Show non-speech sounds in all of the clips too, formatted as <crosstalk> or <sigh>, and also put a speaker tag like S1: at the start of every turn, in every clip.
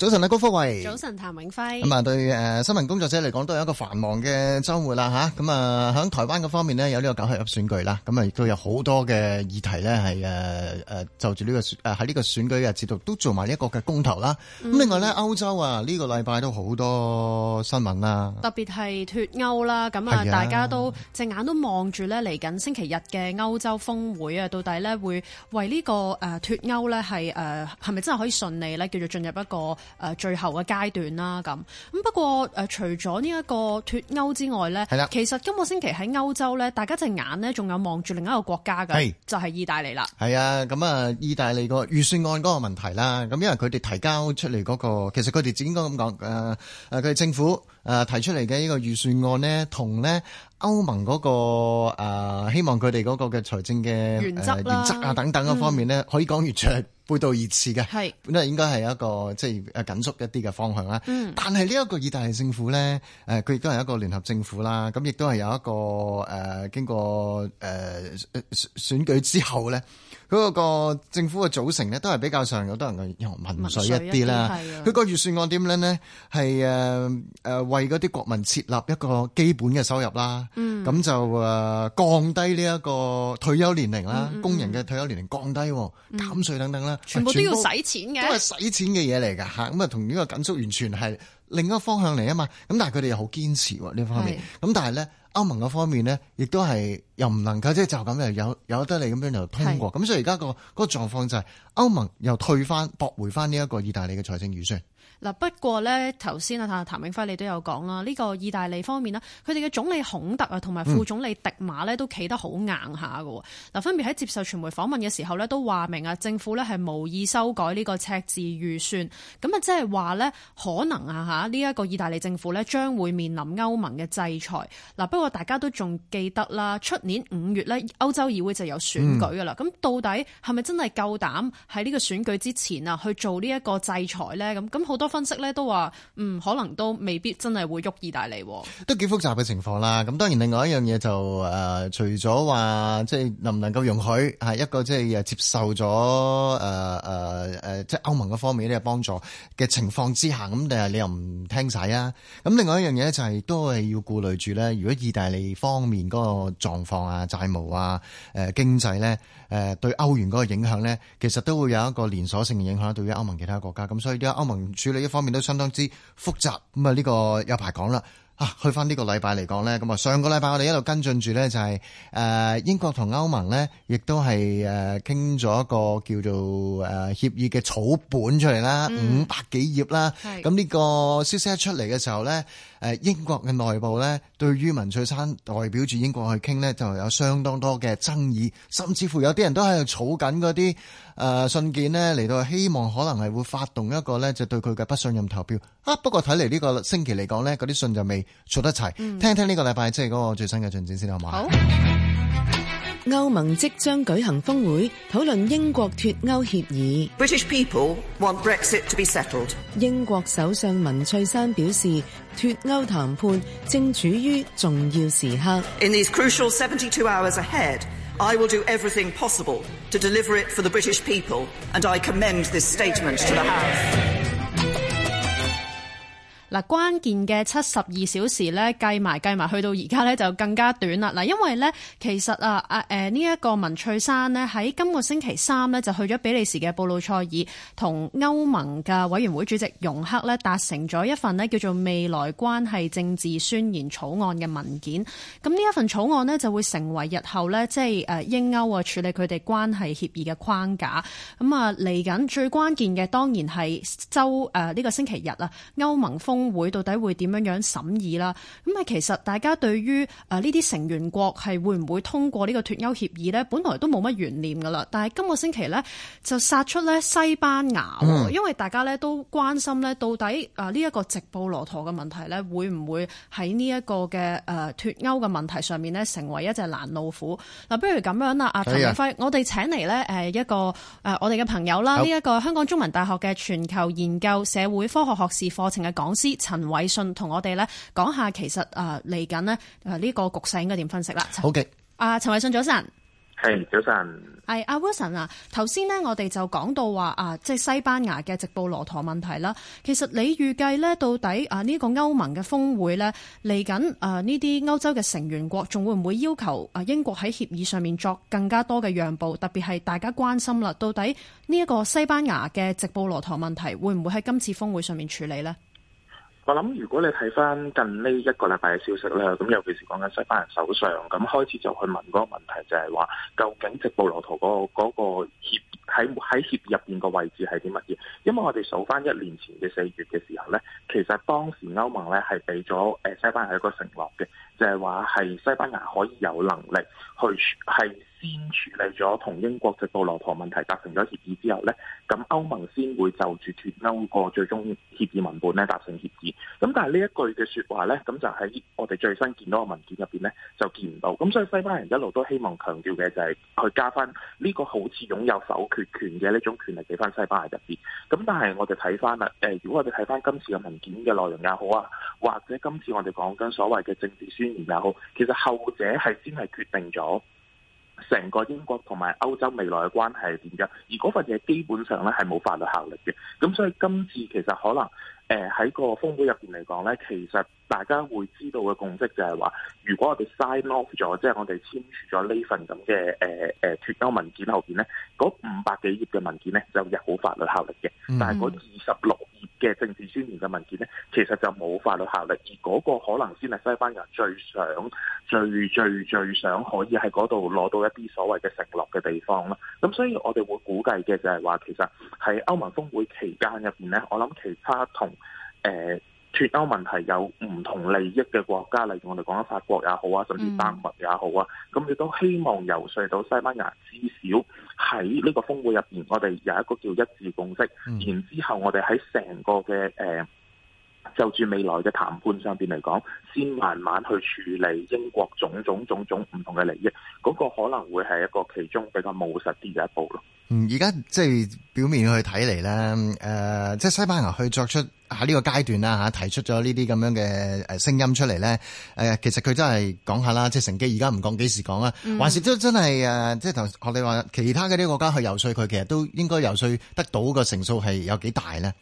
S1: 早晨啊，高福慧。早晨，譚永輝。咁啊、嗯，對誒、呃，新聞工作者嚟講，都有一個繁忙嘅周末啦，吓咁啊，響、呃、台灣嗰方面咧，有呢個九合一選舉啦，咁啊，亦、呃、都有好多嘅議題咧，係誒誒，就住呢個誒喺呢個選舉嘅節度，都做埋一個嘅公投啦。咁、啊嗯、哼另外咧，歐洲啊，呢、這個禮拜都好多新聞啦，嗯、哼
S2: 特別係脫歐啦，咁啊，啊大家都隻眼都望住咧，嚟緊星期日嘅歐洲峰會啊，到底咧會為呢個誒脫歐咧係誒係咪真係可以順利咧叫做進入一個？誒最後嘅階段啦，咁咁不過誒、呃，除咗呢一個脱歐之外咧，係啦其實今個星期喺歐洲咧，大家隻眼咧仲有望住另一個國家嘅，係就係意大利啦。
S1: 係啊，咁啊，意大利預、嗰個呃、個預算案嗰、嗰個問題、呃、啦，咁因為佢哋提交出嚟嗰個，其實佢哋自己應該咁講誒，佢哋政府誒提出嚟嘅呢個預算案呢，同呢歐盟嗰個希望佢哋嗰個嘅財政嘅原則啊等等嗰方面呢，嗯、可以講越嚐。背道而馳嘅，本來是應該係一個即係緊縮一啲嘅方向啦。嗯、但係呢一個意大利政府咧，誒佢亦都係一個聯合政府啦，咁亦都係有一個誒、呃、經過誒、呃、選舉之後咧。佢個政府嘅組成咧，都係比較上有得人夠用民粹一啲啦。佢個預算案點樣咧？係誒誒，為嗰啲國民設立一個基本嘅收入啦。咁、嗯、就誒降低呢一個退休年齡啦，嗯嗯、工人嘅退休年齡降低減稅、嗯、等等啦。全部都要使錢嘅，都係使錢嘅嘢嚟㗎嚇。咁啊，同呢個緊縮完全係另一個方向嚟啊嘛。咁但係佢哋又好堅持喎的呢方面。咁但係咧。歐盟嗰方面呢，亦都係又唔能夠即係就咁樣又有有得你咁樣就通過，咁是所以而家、個嗰、個狀況就係、是、歐盟又退翻、駁回翻呢一個意大利嘅財政預算。
S2: 嗱，不過咧，頭先啊譚永輝你都有講啦，呢個意大利方面呢，佢哋嘅總理孔特啊，同埋副總理迪馬呢都企得好硬下嘅。嗱、嗯、分別喺接受傳媒訪問嘅時候呢，都話明啊，政府呢係無意修改呢個赤字預算。咁啊，即係話呢，可能啊嚇呢一個意大利政府呢將會面臨歐盟嘅制裁。嗱，不過大家都仲記得啦，出年五月呢，歐洲議會就有選舉㗎啦。咁、嗯、到底係咪真係夠膽喺呢個選舉之前啊去做呢一個制裁呢？咁咁好多。分析咧都話，嗯，可能都未必真係會喐意大利、啊，
S1: 都幾複雜嘅情況啦。咁當然另、呃能能呃啊，另外一樣嘢就誒、是，除咗話即係能唔能夠容許係一個即係接受咗誒誒誒，即係歐盟方面咧有幫助嘅情況之下，咁定係你又唔聽使啊？咁另外一樣嘢咧就係都係要顧慮住咧，如果意大利方面個狀況啊、債務啊、誒、呃、經濟咧、誒對歐元個影響咧，其實都會有一個連鎖性嘅影響，對於歐盟其他國家。咁所以啲歐盟處理。呢一方面都相當之複雜，咁啊呢個有排講啦。啊，去翻呢個禮拜嚟講咧，咁啊上個禮拜我哋一路跟進住咧、就是，就係誒英國同歐盟咧，亦都係誒傾咗一個叫做誒協議嘅草本出嚟啦，五百幾頁啦。咁呢是個消息一出嚟嘅時候咧。誒，英國嘅內部咧，對於文翠珊代表住英國去傾咧，就有相當多嘅爭議，甚至乎有啲人都喺度儲緊嗰啲誒信件咧，嚟到希望可能係會發動一個咧，就對佢嘅不信任投票啊。不過睇嚟呢個星期嚟講咧，嗰啲信就未儲得齊。嗯、聽一聽呢個禮拜即係嗰個最新嘅進展先，好唔好？
S2: 歐盟即將舉行峯會，討論英國脱歐協議。英國首相文翠珊表示，脱歐談判正處於重
S3: 要時
S1: 刻。
S2: 嗱，關鍵嘅七十二小時咧，計埋計埋，去到而家咧就更加短啦。嗱，因為咧其實啊啊誒呢一個文翠珊咧喺今個星期三咧就去咗比利時嘅布魯塞爾同歐盟嘅委員會主席容克咧達成咗一份咧叫做未來關係政治宣言草案嘅文件。咁呢一份草案咧就會成為日後咧即係誒英歐啊處理佢哋關係協議嘅框架。咁啊嚟緊最關鍵嘅當然係周誒呢、呃這個星期日啊，歐盟峯。會到底會點樣樣審議啦？咁啊，其實大家對於誒呢啲成員國係會唔會通過呢個脫歐協議呢？本來都冇乜懸念噶啦。但係今個星期呢，就殺出呢西班牙，嗯、因為大家呢都關心呢，到底誒呢一個直布羅陀嘅問題呢，會唔會喺呢一個嘅誒脫歐嘅問題上面呢，成為一隻攔路虎？嗱、啊，不如咁樣啦，阿陳偉信，我哋請嚟呢誒一個誒、呃、我哋嘅朋友啦，呢好一個香港中文大學嘅全球研究社會科學學士課程嘅講師。陳偉信同我哋咧講下，其實誒嚟緊咧誒呢個局勢應該點分析啦？好嘅，阿陳偉信早晨，
S4: 係早晨
S2: 係阿 Wilson 啊。頭先呢我哋就講到話啊，即係西班牙嘅直布羅陀問題啦。其實你預計咧，到底啊呢個歐盟嘅峰會咧嚟緊誒呢啲歐洲嘅成員國仲會唔會要求啊英國喺協議上面作更加多嘅讓步？特別係大家關心啦，到底呢一個西班牙嘅直布羅陀問題會唔會喺今次峰會上面處理呢？
S4: 我諗如果你睇翻近呢一個禮拜嘅消息咧，咁尤其是講緊西班牙首相，咁開始就去問嗰個問題就，就係話究竟直布羅陀嗰個嗰，嗰個協喺喺協入邊個位置係啲乜嘢？因為我哋數翻一年前嘅四月嘅時候咧，其實當時歐盟咧係俾咗誒西班牙一個承諾嘅，就係話係西班牙可以有能力去係。先處理咗同英國直布羅陀問題達成咗協議之後呢，咁歐盟先會就住脱歐個最終協議文本咧，達成協議。咁但係呢一句嘅説話呢，咁就喺我哋最新見到個文件入邊呢，就見唔到。咁所以西班牙人一路都希望強調嘅就係佢加翻呢個好似擁有否決權嘅呢種權力俾翻西班牙入邊。咁但係我哋睇翻啦，誒、呃、如果我哋睇翻今次嘅文件嘅內容也好啊，或者今次我哋講緊所謂嘅政治宣言也好，其實後者係先係決定咗。成個英國同埋歐洲未來嘅關係係點樣？而嗰份嘢基本上咧係冇法律效力嘅。咁所以今次其實可能誒喺、呃、個峰會入邊嚟講咧，其實。大家會知道嘅共識就係話，如果我哋 sign off 咗，即係我哋簽署咗呢份咁嘅誒誒脫歐文件後邊咧，嗰五百幾頁嘅文件咧就有法律效力嘅。但係嗰二十六頁嘅政治宣言嘅文件咧，其實就冇法律效力。而嗰個可能先係西班牙最想、最最最最想可以喺嗰度攞到一啲所謂嘅承諾嘅地方啦。咁所以我哋會估計嘅就係話，其實喺歐盟峰會期間入邊咧，我諗其他同誒。呃脫歐問題有唔同利益嘅國家，例如我哋講緊法國也好啊，甚至丹麥也好啊，咁佢都希望遊說到西班牙，至少喺呢個峰會入邊，我哋有一個叫一致共識，嗯、然之後我哋喺成個嘅誒。呃就住未來嘅談判上邊嚟講，先慢慢去處理英國種種種種唔同嘅利益，嗰、那個可能會係一個其中比較務實啲嘅一步咯。嗯，
S1: 而家即係表面去睇嚟咧，誒、呃，即、就、係、是、西班牙去作出喺呢個階段啦嚇、啊，提出咗呢啲咁樣嘅誒聲音出嚟咧。誒、啊，其實佢真係講下啦，即係乘機而家唔講幾時講啦，嗯、還是都真係誒，即係頭學你話其他嘅啲國家去游說佢，其實都應該游說得到嘅成數係有幾大咧？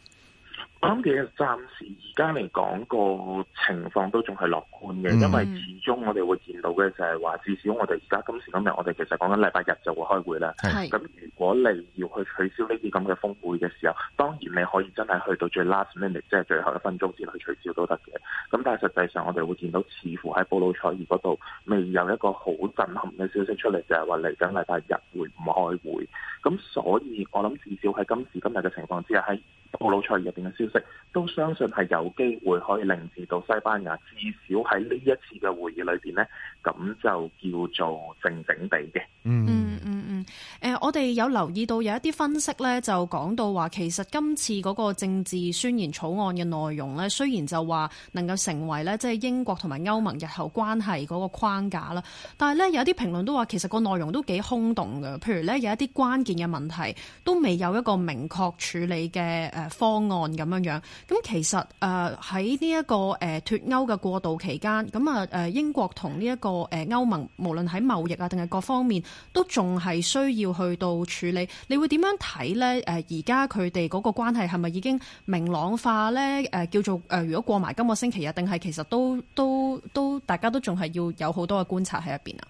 S4: 我諗其實暫時而家嚟講，個情況都仲係樂觀嘅，嗯、因為始終我哋會見到嘅就係話，至少我哋而家今時今日，我哋其實講緊禮拜日就會開會啦。係是，咁如果你要去取消呢啲咁嘅峰會嘅時候，當然你可以真係去到最 last minute，即係最後一分鐘先去取消都得嘅。咁但係實際上我哋會見到，似乎喺布魯塞爾嗰度未有一個好震撼嘅消息出嚟，就係話嚟緊禮拜日會唔開會。咁所以我諗，至少喺今時今日嘅情況之下，喺布魯塞爾入邊嘅消息，都相信係有機會可以令到西班牙，至少喺呢一次嘅會議裏邊咧。咁就叫做正正地嘅。嗯嗯
S2: 嗯嗯，誒、呃，我哋有留意到有一啲分析咧，就講到話，其實今次嗰個政治宣言草案嘅內容咧，雖然就話能夠成為咧，即係英國同埋歐盟日後關係嗰個框架啦，但係咧，有啲評論都話其實個內容都幾空洞嘅。譬如咧，有一啲關鍵嘅問題都未有一個明確處理嘅誒方案咁樣樣，咁其實誒，喺呢一個誒、呃、脫歐嘅過渡期間，咁啊誒英國同呢一個。個誒歐盟無論喺貿易啊定係各方面都仲係需要去到處理，你會點樣睇咧？誒而家佢哋嗰個關係係咪已經明朗化咧？誒、呃、叫做誒、呃、如果過埋今個星期啊，定係其實都都都大家都仲係要有好多嘅觀察喺入邊啊？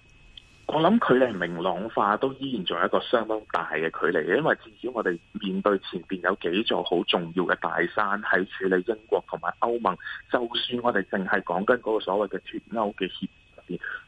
S4: 我諗佢哋明朗化都依然仲有一個相當大嘅距離嘅，因為至少我哋面對前邊有幾座好重要嘅大山喺處理英國同埋歐盟，就算我哋淨係講緊嗰個所謂嘅脫歐嘅協。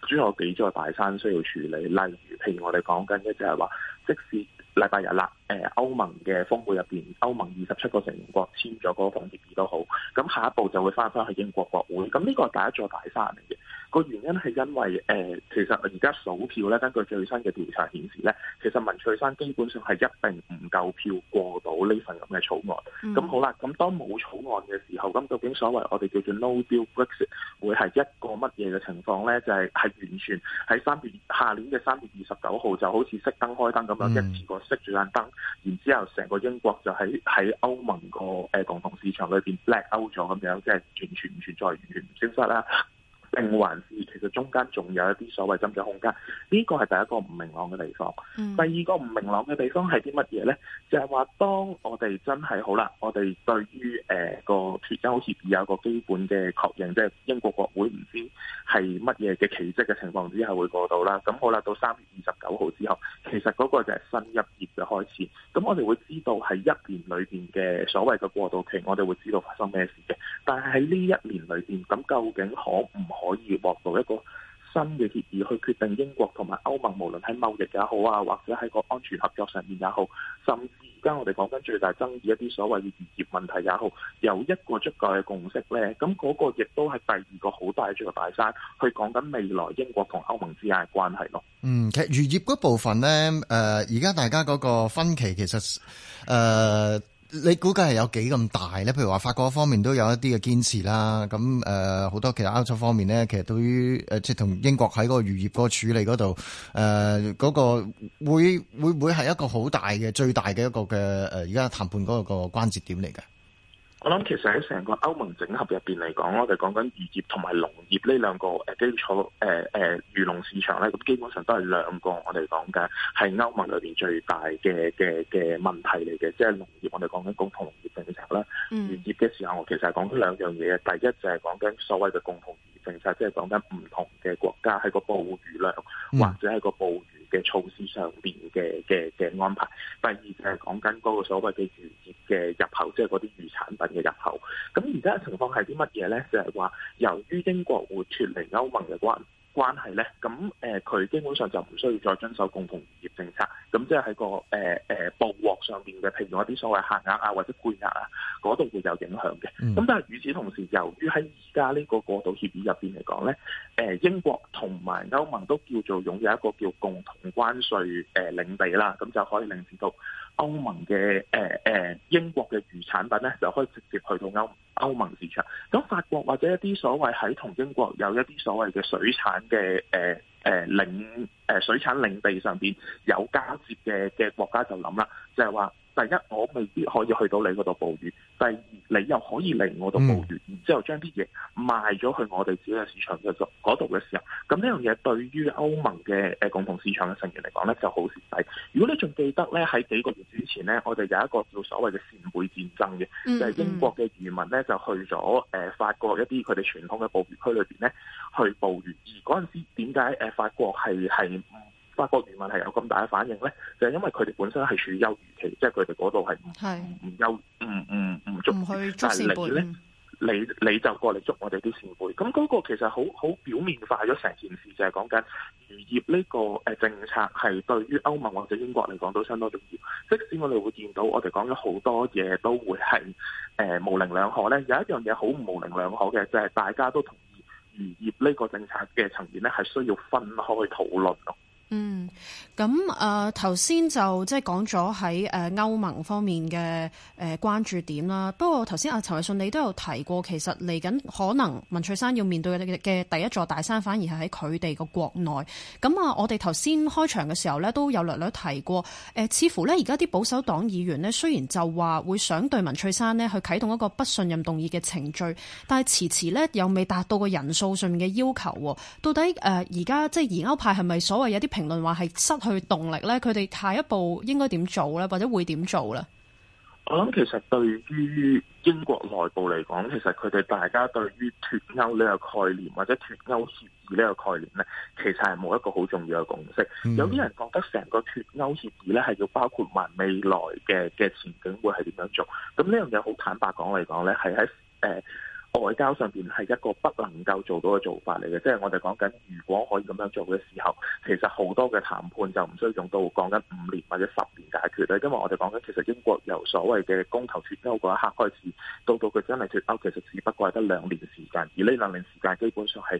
S4: 主要有幾座大山需要處理，例如譬如我哋講緊嘅就係話，即使禮拜日啦，誒歐盟嘅峰會入邊，歐盟二十七個成員國簽咗嗰個協議都好，咁下一步就會返返去英國國會，咁呢個係第一座大山嚟嘅。個原因係因為誒、呃，其實而家數票咧，根據最新嘅調查顯示咧，其實文翠山基本上係一定唔夠票過到呢份咁嘅草案。咁、嗯、好啦，咁當冇草案嘅時候，咁究竟所謂我哋叫做 No Deal Brexit 會係一個乜嘢嘅情況咧？就係、是、係完全喺三月下年嘅三月二十九號就好似熄燈開燈咁樣，嗯、一次過熄住盞燈，然之後成個英國就喺喺歐盟個誒共同市場裏邊 Black Out 咗咁樣，即、就、係、是、完全唔存在，完全唔消失啦。定還是其實中間仲有一啲所謂增長空間，呢個係第一個唔明朗嘅地方。第二個唔明朗嘅地方係啲乜嘢呢？嗯、就係話，當我哋真係好啦，我哋對於誒、欸、個脱歐協議有一個基本嘅確認，即、就、係、是、英國國會唔知係乜嘢嘅奇蹟嘅情況之下會過到啦。咁好啦，到三月二十九號之後，其實嗰個就係新一頁嘅開始。咁我哋會知道係一年裏邊嘅所謂嘅過渡期，我哋會知道發生咩事嘅。但係喺呢一年裏邊，咁究竟可唔可？可以獲得一個新嘅協議去決定英國同埋歐盟，無論喺貿易也好啊，或者喺個安全合作上面也好，甚至而家我哋講緊最大爭議一啲所謂嘅漁業問題也好，有一個足夠嘅共識呢？咁、那、嗰個亦都係第二個好大嘅珠河大山，去講緊未來英國同歐盟之間嘅關係咯。嗯，
S1: 其實漁業嗰部分呢，誒，而家大家嗰個分歧其實誒。呃你估計係有幾咁大咧？譬如話法國方面都有一啲嘅堅持啦，咁誒好多其他歐洲方面咧，其實對於誒、呃、即係同英國喺嗰個漁業個處理嗰度誒嗰個會會唔會係一個好大嘅最大嘅一個嘅誒而家談判嗰個關節點嚟嘅？
S4: 我諗其實喺成個歐盟整合入邊嚟講，我哋講緊漁業同埋農業呢兩個誒基礎誒誒漁農市場咧，咁基本上都係兩個我哋講嘅係歐盟裏邊最大嘅嘅嘅問題嚟嘅，即係農業我哋講緊共同農業政策啦，漁、嗯、業嘅時候我其實係講緊兩樣嘢，第一就係講緊所謂嘅共同漁業政策，即係講緊唔同嘅國家喺個捕魚量、嗯、或者喺個捕魚嘅措施上邊嘅嘅嘅安排，第二就係講緊嗰個所謂嘅漁業嘅入口，即係嗰啲漁產品嘅入口。咁而家嘅情況係啲乜嘢咧？就係、是、話由於英國會脫離歐盟嘅關關係咧，咁誒佢基本上就唔需要再遵守共同漁業政策，咁即係喺、嗰個誒誒捕獲上邊嘅，譬如話啲所謂限額啊或者配額啊，嗰度會有影響嘅。咁但係與此同時，由於喺而家呢個過渡協議入邊嚟講咧，誒、呃、英國同埋歐盟都叫做擁有一個叫共同關稅誒、呃、領地啦，咁就可以令到歐盟嘅誒誒英國嘅漁產品咧就可以直接去到歐盟。歐盟市場，咁法國或者一啲所謂喺同英國有一啲所謂嘅水產嘅誒誒領誒水產領地上邊有交接嘅嘅國家就諗啦，就係話第一我未必可以去到你嗰度捕魚。第二，你又可以嚟我度捕魚，嗯、然之後將啲嘢賣咗去我哋自己嘅市場嘅度嗰度嘅時候，咁呢樣嘢對於歐盟嘅共同市場嘅成員嚟講咧就好蝕底。如果你仲記得咧喺幾個月之前咧，我哋有一個叫所謂嘅善會戰爭嘅，就係、是、英國嘅漁民咧就去咗誒、呃、法國一啲佢哋傳統嘅捕魚區裏邊咧去捕魚，而嗰陣時點解誒法國係係發覺漁民係有咁大嘅反應咧，就係、是、因為佢哋本身係處於休漁期，即係佢哋嗰度係唔唔休唔唔唔足，但係寧
S3: 願
S4: 咧，你你就過嚟捉我哋啲漁會。咁嗰個其實好好表面化咗成件事，就係講緊漁業呢個誒政策係對於歐盟或者英國嚟講都相當重要。即使我哋會見到我哋講咗好多嘢都會係誒、呃、模棱兩可咧，有一樣嘢好唔模棱兩可嘅就係、是、大家都同意漁業呢個政策嘅層面咧係需要分開討論咯。
S2: 嗯，咁誒頭先就即係講咗喺誒歐盟方面嘅誒、呃、關注點啦。不過頭先阿陳偉信你都有提過，其實嚟緊可能文翠山要面對嘅第一座大山，反而係喺佢哋嘅國內。咁啊、呃，我哋頭先開場嘅時候咧，都有略略提過，誒、呃、似乎咧而家啲保守黨議員咧，雖然就話會想對文翠山咧去啟動一個不信任動議嘅程序，但係遲遲咧又未達到個人數上面嘅要求，到底誒而家即係疑歐派係咪所謂有啲平？評論話係失去動力咧，佢哋下一步應該點做咧，或者會點做咧？
S4: 我諗其實對於英國內部嚟講，其實佢哋大家對於脫歐呢個概念，或者脫歐協議呢個概念咧，其實係冇一個好重要嘅共識。嗯、有啲人覺得成個脫歐協議咧係要包括埋未來嘅嘅前景會係點樣做。咁呢樣嘢好坦白講嚟講咧，係喺誒。呃外交上邊係一個不能夠做到嘅做法嚟嘅，即係我哋講緊，如果可以咁樣做嘅時候，其實好多嘅談判就唔需要用到講緊五年或者十年解決啦。因為我哋講緊，其實英國由所謂嘅公投脱歐嗰一刻開始，到到佢真係脱歐，其實只不過係得兩年時間，而呢兩年時間基本上係。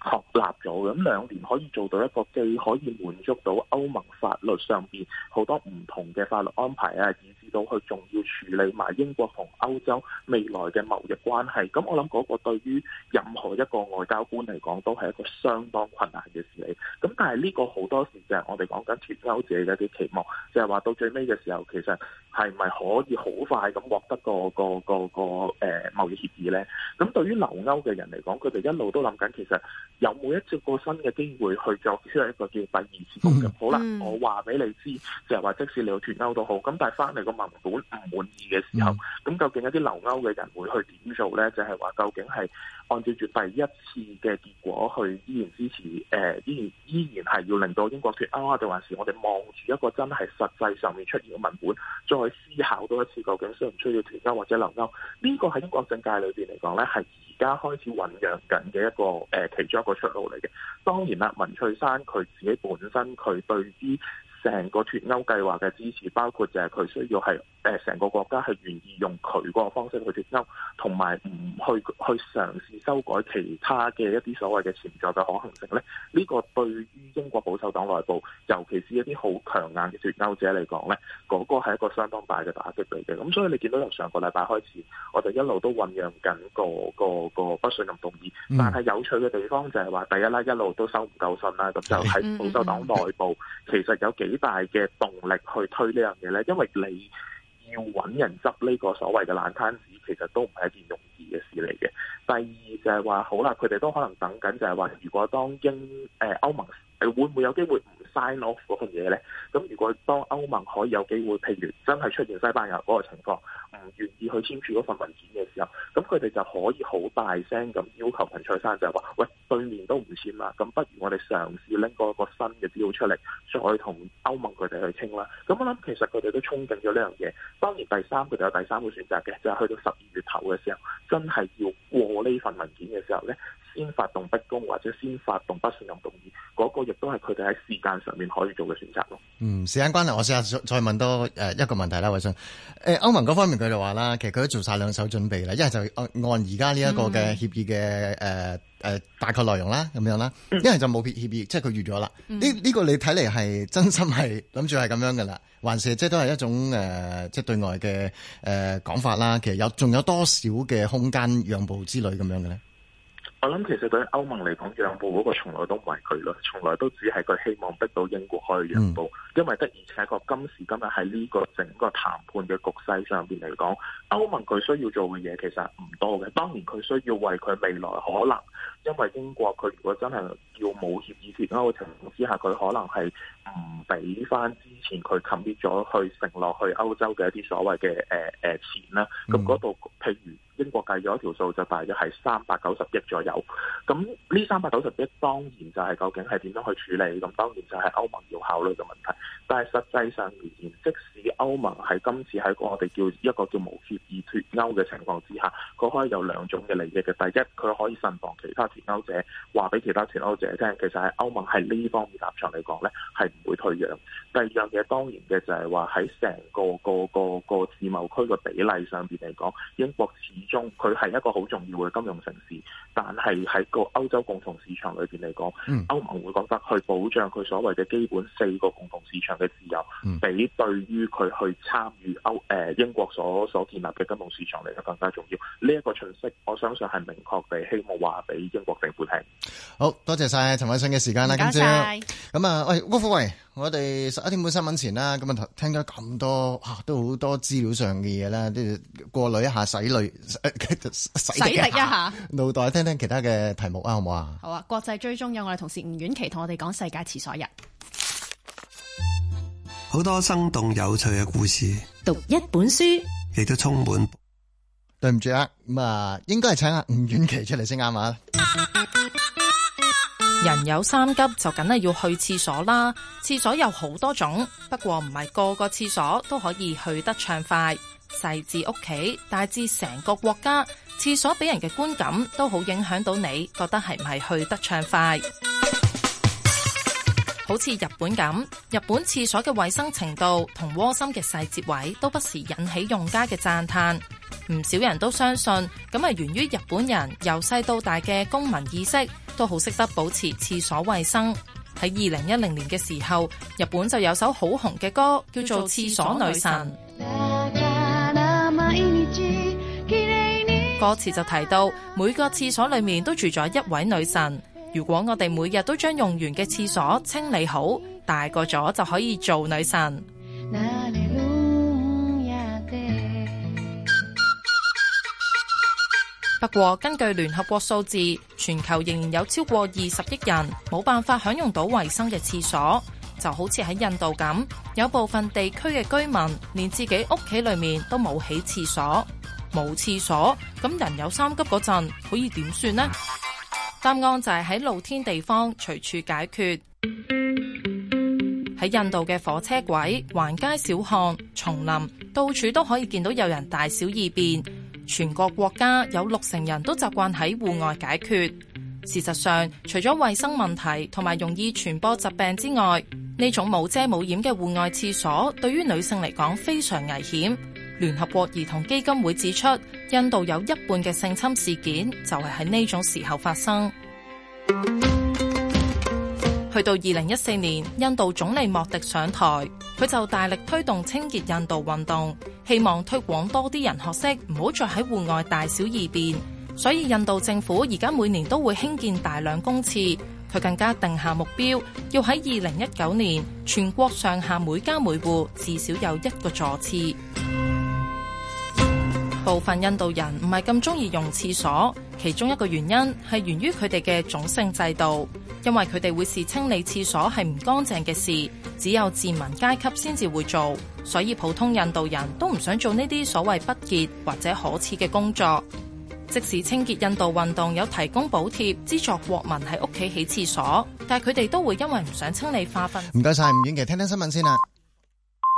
S4: 確立咗咁兩年可以做到一個既可以滿足到歐盟法律上邊好多唔同嘅法律安排啊，以至到佢仲要處理埋英國同歐洲未來嘅貿易關係。咁我諗嗰個對於任何一個外交官嚟講，都係一個相當困難嘅事嚟。咁但係呢個好多時就係我哋講緊脫歐者嘅一啲期望，就係、是、話到最尾嘅時候，其實係咪可以好快咁獲得個個個個誒貿易協議呢？咁對於留歐嘅人嚟講，佢哋一路都諗緊其實。有冇一次個新嘅機會去做先係一個叫第二次公投？好啦，嗯、我話俾你知，就係、是、話即使你脫歐都好，咁但係翻嚟個文本唔滿意嘅時候，咁、嗯、究竟一啲留歐嘅人會去點做咧？就係、是、話究竟係？按照住第一次嘅結果去依然支持，誒、呃、依然依然係要令到英國脱歐啊，定還是我哋望住一個真係實際上面出現嘅文本，再思考多一次究竟需唔需要脱歐或者留歐？呢、這個喺英國政界裏邊嚟講呢，係而家開始醖釀緊嘅一個誒、呃、其中一個出路嚟嘅。當然啦，文翠山佢自己本身佢對於。成個脱歐計劃嘅支持，包括就係佢需要係誒成個國家係願意用佢個方式去脱歐，同埋唔去去嘗試修改其他嘅一啲所謂嘅潛在嘅可行性咧。呢、這個對於英國保守黨內部，尤其是一啲好強硬嘅脱歐者嚟講咧，嗰、那個係一個相當大嘅打擊嚟嘅。咁所以你見到由上個禮拜開始，我哋一路都醖釀緊個個個不信任動議，但係有趣嘅地方就係話，第一啦，一路都收唔夠信啦，咁就喺保守黨內部其實有幾。 <laughs> <laughs> 幾大嘅動力去推呢樣嘢咧？因為你要揾人執呢個所謂嘅爛攤子，其實都唔係一件容易嘅事嚟嘅。第二就係話，好啦，佢哋都可能等緊，就係話如果當英誒歐盟。誒會唔會有機會唔 sign off 嗰份嘢咧？咁如果當歐盟可以有機會，譬如真係出現西班牙嗰個情況，唔願意去簽署嗰份文件嘅時候，咁佢哋就可以好大聲咁要求文翠珊就係話，喂，對面都唔簽啦，咁不如我哋嘗試拎個個新嘅資料出嚟，再同歐盟佢哋去傾啦。咁我諗其實佢哋都憧憬咗呢樣嘢。當然第三佢哋有第三個選擇嘅，就係、是、去到十二月頭嘅時候，真係要過呢份文件嘅時候咧，先發動逼宮或者先發動不信任動議。嗰個亦都
S1: 係佢哋喺時間上面可以做嘅選擇咯。嗯，時間關係，我試下再問多誒一個問題啦，偉信。誒歐盟嗰方面佢就話啦，其實佢都做晒兩手準備啦。一係就按而家呢一個嘅協議嘅誒誒大概內容啦，咁樣啦。一係就冇協協議，即係佢預咗啦。呢呢、呢個你睇嚟係真心係諗住係咁樣嘅啦，還是即係都係一種誒、呃，即係對外嘅誒、呃、講法啦？其實有仲有多少嘅空間讓步之類咁樣嘅咧？
S4: 我諗其實對歐盟嚟講，讓步嗰個從來都唔係佢咯，從來都只係佢希望逼到英國可以讓步，因為的而且確，今時今日喺呢個整個談判嘅局勢上邊嚟講，歐盟佢需要做嘅嘢其實唔多嘅，當然佢需要為佢未來可能。因為英國佢如果真係要冇協議脱歐嘅情況之下，佢可能係唔俾翻之前佢 commit 咗去承諾去歐洲嘅一啲所謂嘅誒誒錢啦。咁嗰度譬如英國計咗條數就大約係三百九十億左右。咁呢三百九十億當然就係究竟係點樣去處理？咁當然就係歐盟要考慮嘅問題。但係實際上而言，即使歐盟喺今次喺我哋叫一個叫冇協議脱歐嘅情況之下，佢可以有兩種嘅利益嘅。第一，佢可以順防。其。其他前歐者話俾其他前歐者聽，其實係歐盟喺呢方面立場嚟講咧，係唔會退讓。第二樣嘢當然嘅就係話，喺成個個個個，個自貿區嘅比例上邊嚟講，英國始終佢係一個好重要嘅金融城市，但係喺個歐洲共同市場裏邊嚟講，歐、mm. 盟會覺得去保障佢所謂嘅基本四個共同市場嘅自由，比對於佢去參與歐誒英國所所建立嘅金融市場嚟講更加重要。呢、這、一個信息，我相信係明確地希望話俾。已經國
S1: 定補貼，好多謝晒陳偉信嘅時間啦，謝謝今朝咁啊，喂郭富衛，我哋十一點半新聞前啦，咁啊聽咗咁多，吓都好多資料上嘅嘢啦，都要過濾一下，洗濾洗洗滌一下腦袋，聽聽其他嘅題目啊，好冇
S2: 啊？好啊！國際追蹤有我哋同事吳沅琪同我哋講世界廁所日，
S1: 好多生動有趣嘅故事，讀一本書亦都充滿。對唔住啊，咁啊，應該係請阿吳沅琪出嚟先啱啊。
S3: 人有三急，就梗係要去廁所啦。廁所有好多種，不過唔係個個廁所都可以去得暢快，細至屋企，大至成個國家，廁所俾人嘅觀感都好影響到你覺得係唔係去得暢快。好似日本咁，日本廁所嘅衛生程度同窩心嘅細節位，都不時引起用家嘅讚歎。唔少人都相信，咁係源於日本人由細到大嘅公民意識，都好識得保持廁所衛生。喺二零一零年嘅時候，日本就有首好紅嘅歌，叫做《廁所女神》。歌詞就提到每個廁所裏面都住咗一位女神。如果我哋每日都將用完嘅廁所清理好，大個咗就可以做女神。不過根據聯合國數字，全球仍然有超過二十億人冇辦法享用到衛生嘅廁所，就好似喺印度咁，有部分地區嘅居民連自己屋企裏面都冇起廁所。冇廁所咁，人有三急嗰陣可以點算呢？答案就係喺露天地方隨處解決。喺印度嘅火車軌、橫街小巷、叢林，到處都可以見到有人大小二便。全國國家有六成人都習慣喺戶外解決。事實上，除咗衛生問題同埋容易傳播疾病之外，呢種冇遮冇掩嘅戶外廁所對於女性嚟講非常危險。聯合國兒童基金會指出，印度有一半嘅性侵事件就係喺呢種時候發生。去到二零一四年，印度總理莫迪上台，佢就大力推動清潔印度運動，希望推廣多啲人學識唔好再喺戶外大小二便。所以印度政府而家每年都會興建大量公廁，佢更加定下目標，要喺二零一九年全國上下每家每戶至少有一個座廁。部分印度人唔係咁中意用廁所，其中一個原因係源於佢哋嘅種姓制度。因為佢哋會視清理廁所係唔乾淨嘅事，只有自民階級先至會做，所以普通印度人都唔想做呢啲所謂不潔或者可恥嘅工作。即使清潔印度運動有提供補貼資助國民喺屋企起廁所，但係佢哋都會因為唔想清理化糞。
S1: 唔該晒，吳沅琪，聽聽新聞先啦。